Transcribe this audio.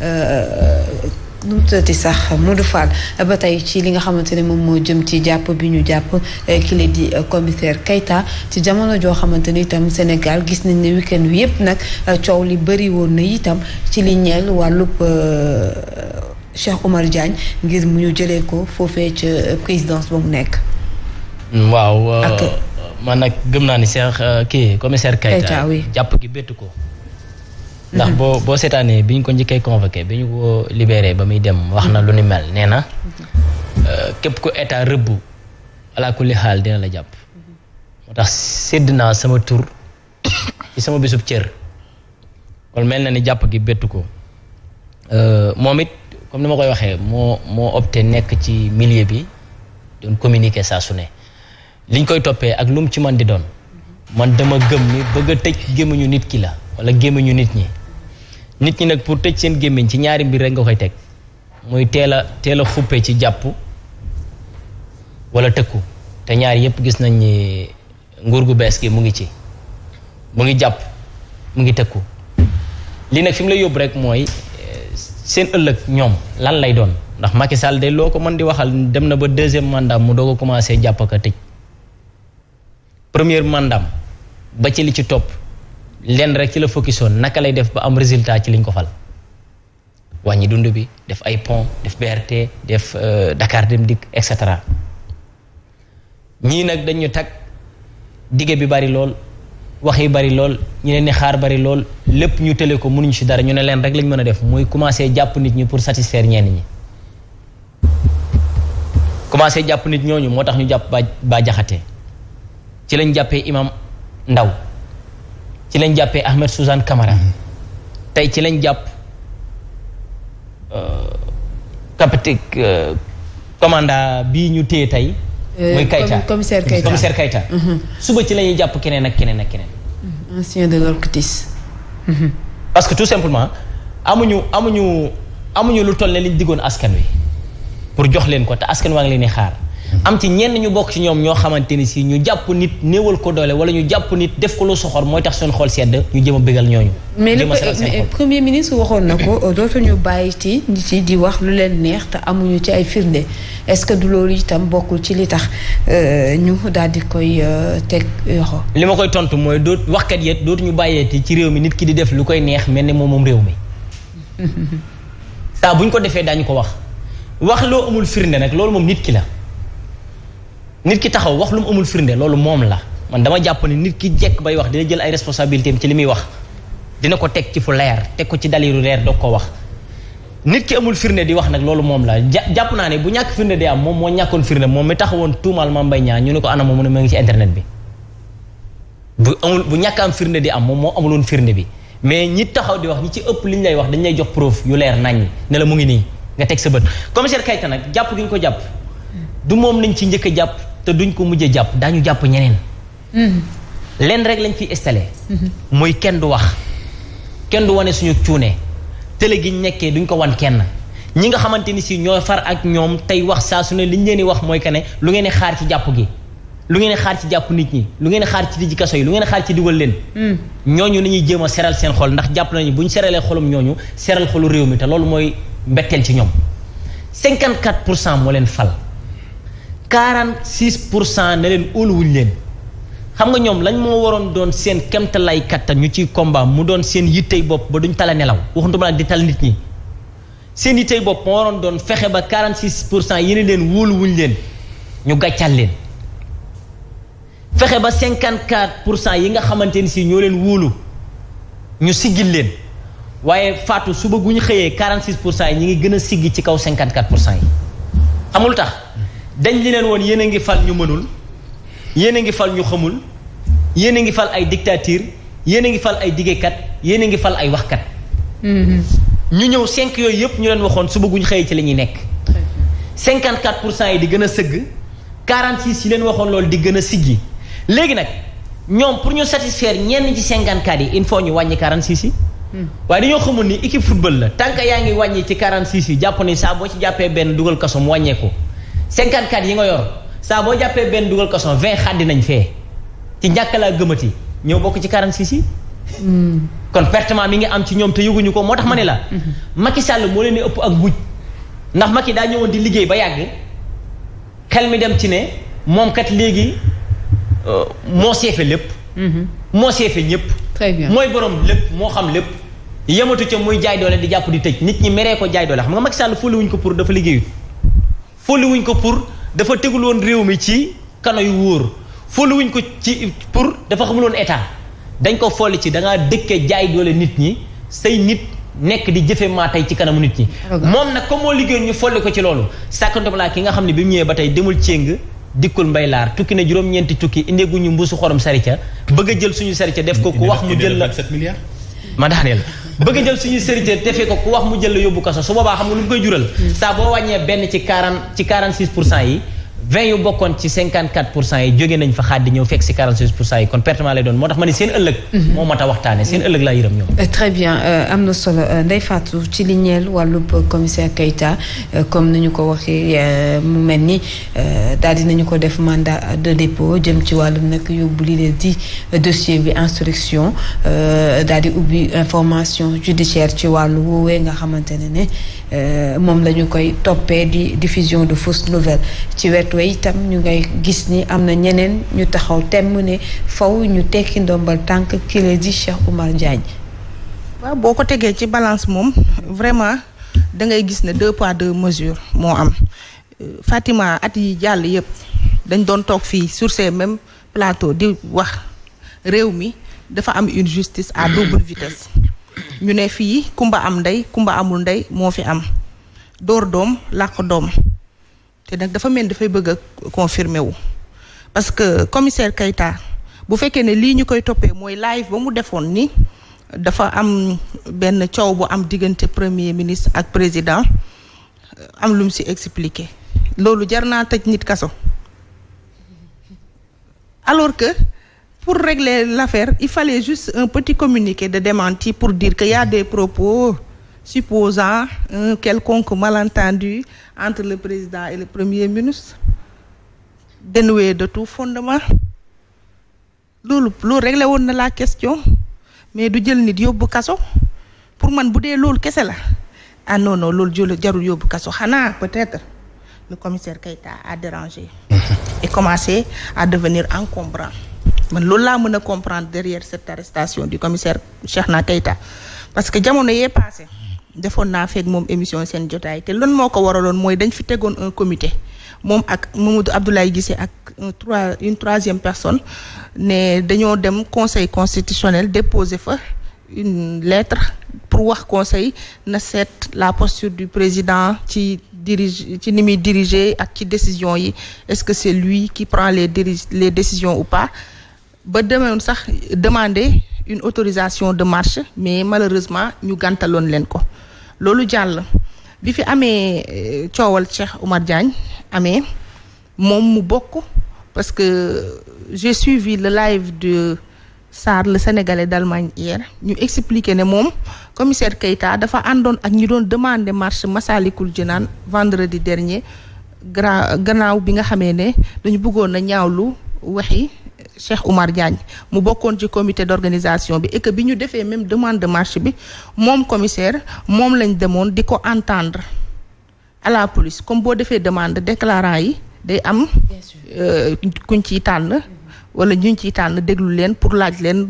Euh, nu mu tëddee sax Modou Fall ba tey ci li nga xamante ne moom moo jëm ci jàpp bi ñu jàpp euh, kile di euh, commissaire Keita ci jamono joo xamante ni itam Sénégal gis nañ ne week-end wi yëpp nag coow li bëri woon na itam ci li ñeel wàllub Cheikh Oumar Diagne ngir mu ñu jëlee ko foofee ca présidence ba mu nekk. waaw man nag gëm naa ni Cheikh kii commissaire Keita jàpp gi bett ko. ndax boo boo seetaanee bi ñu ko njëkkee convoqué bi ñu ko libéré ba muy dem wax na lu ni mel nee na euh, képp ku état rëbb alaa kulli xaal dina la jàpp moo tax sédd naa sama tur sama bisub cër kon mel na ni jàpp gi bettu ko euh, moom it comme ni ma koy waxee moo moo opté nekk ci millier bi doon communiquer saa su ne liñ koy toppee ak lu ci man di doon man dama gëm ni bëgg tëj gémmiñu nit ki la wala gémmiñu nit ñi nit ñi nag pour tëj seen gémmiñ ci ñaari mbir rek nga koy teg muy teel a teel a xuppe ci jàpp wala tëkku te ñaar yépp gis nañ ni nguur gu bees gi mu ngi ci mu ngi jàpp mu ngi tëkku lii nag fi mu lay yóbbu rek mooy eh, seen ëllëg ñoom lan lay doon ndax Macky Sall de loo ko mën di waxal dem na ba deuxième mandat mu doo a commencé jàpp ak a tëj premier mandat ba ci li ci topp lenn rek ci la focusoon naka lay def ba am résultat ci liñ ko fal wàññi dund bi def ay pont def BRT def euh, Dakar Dem Dikk et cetera ñii nag dañu tag dige bi bari lool wax yi bari lool ñu leen ni xaar bari lool lépp ñu tële ko mënuñ ci dara ñu ne leen rek lañ mën a def muy commencé jàpp nit ñi pour satisfaire ñenn ñi commencé jàpp nit ñooñu moo tax ñu jàpp ba ba jaxatee ci lañ jàppee imam Ndaw ci lañ jàppee Ahmed Suzanne kamara mhm. tey ci lañ jàpp euh, capitaine euh, commandant bii ñu téye tey euh, muy Kayta commissaire Kayta commissaire Kayta mhm. suba ci la jàpp keneen ak keneen ak keneen mhm. ancien de l'OCRTIS parce que tout simplement amuñu amuñu amuñu lu toll ne liñ diggoon askan wi pour jox leen ko te askan waa ngi leen di xaar am ci ñenn ñu bokk ci ñoom ñoo xamante ni si ñu jàpp nit néewal ko doole wala ñu jàpp nit def ko lu soxor mooy tax seen xool sedd ñu jëm a ñooñu. mais le premier ministre waxoon na ko euh, dootuñu bàyyi ci nit yi di wax lu leen neex te amuñu ci ay firnde est-ce que du loolu itam bokkul ci li tax euh, ñu daal di koy euh, teg yoxo li ma koy tontu mooy doot waxkat yet dootuñu bàyyeeti ci réew mi nit ki di def lu koy neex mel ni moom moom réew mi saa bu ñu ko defee daañu ko wax wax loo amul firnde nag loolu moom nit ki la. nit ki taxaw wax lu mu amul firnde loolu moom la man dama jàpp ni nit ki jekk bay wax dina jël ay responsabilité ci li muy wax dina ko teg ci fu leer teg ko ci dalilu leer doog ko wax nit ki amul firnde di wax nag loolu moom la jàpp naa ne bu ñàkk firnde di am moom moo ñàkkoon firnde moom mi taxawoon tuumaal Mame Mbaye Niang ñu ne ko anam mu ne ma ngi amul bu ñàkk am firnde di am moom moo amuloon firnde bi mais ñi taxaw di wax ñi ci ëpp liñ lay wax dañ lay jox preuve yu leer naññ ne la mu ngi nii nga teg sa bët commissaire Keita nag jàpp gi ñu ko jàpp du moom lañ ci njëkk jàpp te duñ ko mujjee jàpp daañu jàpp ñeneen. Mm-hmm. lenn rek lañ fi installé. mooy mm-hmm. kenn du wax kenn du wane suñu cuune télé gi nekkee duñ ko wan kenn. ñi nga xamante ni si ñooy far ak ñoom tey wax saa su ne li leen di wax mooy ne lu ngeen di xaar ci jàpp gi lu ngeen di xaar nit ñi lu ngeen xaar ci tijji kaso yi lu ngeen di xaar ci dugal leen. Mm. ñooñu nañuy jéem a seral seen xol ndax jàpp nañu bu ñu seralee xolum ñooñu seral xolu réew mi te loolu mooy mbetteel ci ñoom 54 pour cent moo leen fal. quarante six pour cent ne leen óoluwuñ leen xam nga ñoom lañ moo waroon doon seen kemtalay kattan ñu ci combat mu doon seen yittey bopp ba duñ tala nelaw waxantuma la di tal nit ñi seen yittey bopp moo waroon doon fexe ba quarante six pour cent yéen leen wóoluwuñ leen ñu gàccal leen fexe ba cinquante quatre pour cent yi nga xamante ni si ñoo leen wóolu ñu siggil leen waaye faatu suba gu ñu xëyee quarante six pour cent yi ñu ngi gën a siggi ci kaw cinquante quatre pour cent yi xamul tax dañ li leen woon yéen a ngi fal ñu mënul yéen a ngi fal ñu xamul yéen a ngi fal ay dictature yéen a ngi fal ay digeekat yéen a ngi fal ay waxkat mm-hmm. ñu ñëw cinq yooyu yëpp ñu leen waxoon su bëgguñ xëyee ci la ñuy nekk cinquante quatre pour cent yi di gën a sëgg quarante six yi leen waxoon loolu di gën a siggi léegi nag ñoom pour ñu satisfaire ñenn ci cinquante quatre yi il faut ñu wàññi quarante six yi mm. waaye dañoo xamul ni équipe football la tant que yaa ngi wàññi ci quarante six yi jàpp ni saa boo ci jàppee benn dugal wàññeeku 54 yi nga yor saa boo jàppee benn dugal kaso 20 xàddi nañ fee ci njàkkalaa laa gëmati ñëw bokk ci 46 yi. Hmm. kon pertement mi ngi am ci ñoom te yëguñu ko moo tax ma ne la. Hmm. Hmm. Macky sàll moo leen di ëpp ak guj ndax Macky daa ñëwoon di liggéey ba yàgg xel mi dem ci ne moom kat léegi euh, moo seefe lépp. moo seefe ñëpp. très bien mooy borom lépp moo xam lépp. yematu ca muy jaay doole di jàpp di tëj nit ñi meree ko jaay doole xam nga Macky Sall fóolu wuñ ko pour dafa liggéeyut. folli ko pour dafa tegul woon réew mi ci kano yu wóor folli wuñ ko ci pour dafa xamul woon état dañ ko folli ci da dëkke jaay doole nit ñi say nit nekk di jëfe maa tey ci kanamu nit ñi moom nag comme moo liggéey ñu folli ko ci loolu sàkk sàkkantom laa ki nga xam ne bi mu ñëwee ba tey demul céng dikkul mbay laar tukki na juróom-ñeenti tukki ñu mbuusu xorom sarica bëgg a jël suñu sarica def ko ku wax mu jël la ma daaneel bëgg a jël suñu sérité te fee ko ku wax mu jël la yóbbu sa su boobaa xam nga lu mu koy jural mm. saa boo wàññee benn ci quarante ci quarante six pour cent yi vingt yu bokkoon ci cinquante quatre pour cent yi jóge nañ fa xaat di ñëw fekk si quarante six pour cent yi kon pertement lay doon moo tax ma ne seen ëllëg. Mhm. moo mat a waxtaanee seen ëllëg laa yërëm ñoom. Euh, très bien euh, am na solo euh, Ndeye Fatou ci li ñeel wàllub commissaire Keita comme ni ñu ko waxee mu mel ni daal di nañu ko def mandat de dépôt jëm ci wàllum nag yóbbu li leen di dossier bi instruction daal di ubbi information judiciaire ci wàllu woowee nga xamante ne ne moom la koy toppee di diffusion de fausses nouvelles ci wet itam ñu ngay gis ni am na ñeneen ñu taxaw temm ne faw ñu tekki ndombal tànk kile di Cheikh Oumar Diagne waaw boo ko tegee ci balance moom vraiment da ngay gis ne deux poids deux mesures moo am euh, Fatima at yi jàll yëpp dañ doon toog fii sur ces mêmes di wax réew mi dafa am une justice à double vitesse ñu ne fii kumba am ndey kumba amul ndey moo fi am dóor doom làq doom te dafa mel dafay bëgg ak confirmer wu parce que commissaire Keita bu fekkee ne lii ñu koy toppee mooy live ba mu defoon ni dafa am benn coow bu am diggante premier ministre ak président euh, am lu si expliqué loolu jar naa tëj nit kaso alors que pour régler l'affaire il fallait juste un petit communiqué de démenti pour diir que y a propos supposant un quelconque malentendu entre le président et le premier ministre dénoué de tout fondement loolu loolu réglé woon na la question mais du jël nit yóbbu kaso pour man bu dee loolu kese la ah loolu jël jarul yóbbu kaso xanaa peut-être le commissaire Keïta a dérangé et commencé à devenir encombrant man loolu laa mën a comprendre derrière cette arrestation du commissaire Cheikhna kayta parce que jamono yee passé defoon naa feeg moom émission seen jotaay te lan moo ko waraloon mooy dañ fi tegoon un comité moom ak moom Mamadou Abdoulaye gisee ak un trois une troisième personne ne dañoo dem conseil constitutionnel déposer fa une lettre pour wax conseil na seet la posture du président ci dirige ci ni muy diriger ak ci décision yi est-ce que c'est lui qui prend les dirige les décisions ou pas ba demoon sax demander une autorisation de marché mais malheureusement ñu gàntaloon leen ko loolu jàll bi fi amee euh, coowal Cheikh Oumar Diagne amee moom mu bokk parce que j'ai suivi le live de Sarr le sénégalais d'Allemagne hier ñu expliqué ne moom commissaire Keita dafa àndoon ak ñu doon demandé marche Massalikul Jinaan vendredi dernier gra gannaaw bi nga xamee ne dañu bëggoon a ñaawlu waxi Cheikh Oumar Diagne mu bokkoon ci comité d'organisation bi et bi ñu defee même demande marché bi moom commissaire moom lañ demoon di ko entendre à la police comme boo defee demande déclarant yi day am euh, kuñ ci tànn wala ñu ciy tànn déglu leen pour laaj leen